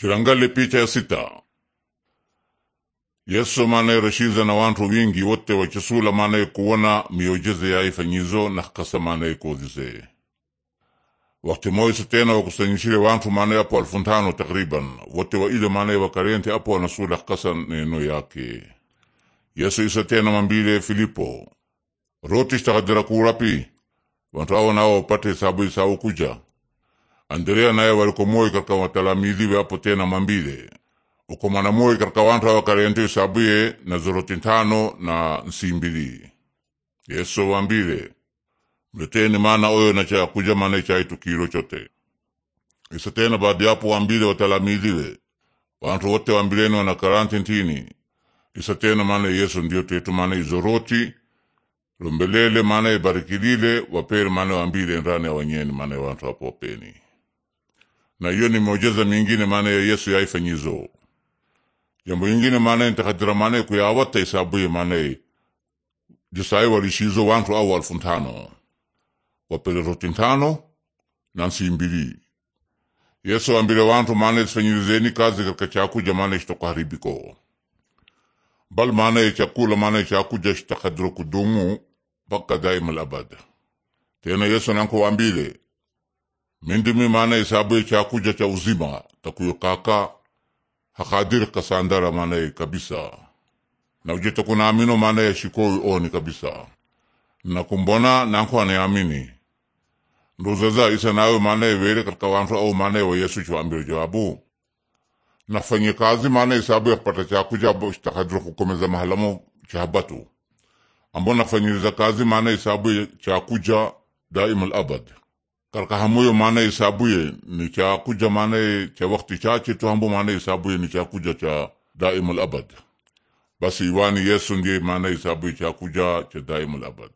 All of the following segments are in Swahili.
Chirangali picha ya sita Yesu maanaye rashiza na wantu wingi wote wachisula maanaye kuwona miujiza ifanyizo na kasa maanaye kuodise wakati moiso tena wakusanyishile wantu maanaye apo alfu takriban wote waile maanaye wakarenti apo wanasula kasa neno yake Yesu isa tena mambile Filipo roti shtakadira kurapi wantu awo nao wapate hesabu isao kuja Andrea naye walikomoi katika watalamidhi hapo tena mambile moyo katika wantu awakarento isabuye na zoroti tano na nsimbili yesu wambile mleteni mana oyo nachakuja mana chaitukilo chote isa tena baadi yapo wambile watalamiliwe wantu wote wambileni wana karantintini isa tena mana yesu ndio tetu mana izoroti lombelele mana ibarikilile wapere mana wambile ndani awanyeni mana wantu apopeni na hiyo ni muujiza mingine maana ya Yesu yaifanyizo jambo ingine maana ntakadira maana kuyawatta isabuye maana jisai walishizo wantu au alfu tano roti ntano nansi mbili Yesu ambile wantu maana isifanyizeni kazi katika chakuja maana ishitokuharibiko bal maana ya chakula maana chakuja shitakadira kudumu mpaka daima labad tena Yesu nankuwambile mindimi maana isabue chakuja cha uzima takuyo kaka hakadir kasandara maanaye kabisa na kuna nauje takunaamino maanaye shikoi oni kabisa na nakumbona nanko anaamini nduzaza isa nawe maanaye were katika wantu au maanaye wa yesu chiwaambire jawabu nafanye kazi isabu ya pata chakuja takadira kukomeza mahalamo chahabatu ambo nafanyiriza kazi isabu ya chakuja daima alabad karka hamuyo maana isabuye ni cha kuja maana cha wakati chache tu hambo maana isabuye ni cha kuja cha daimul abad basi iwani yesu ndiye maana isabuye cha kuja cha daimul abad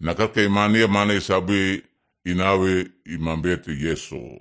na karka imania maana isabuye inawe imambete yesu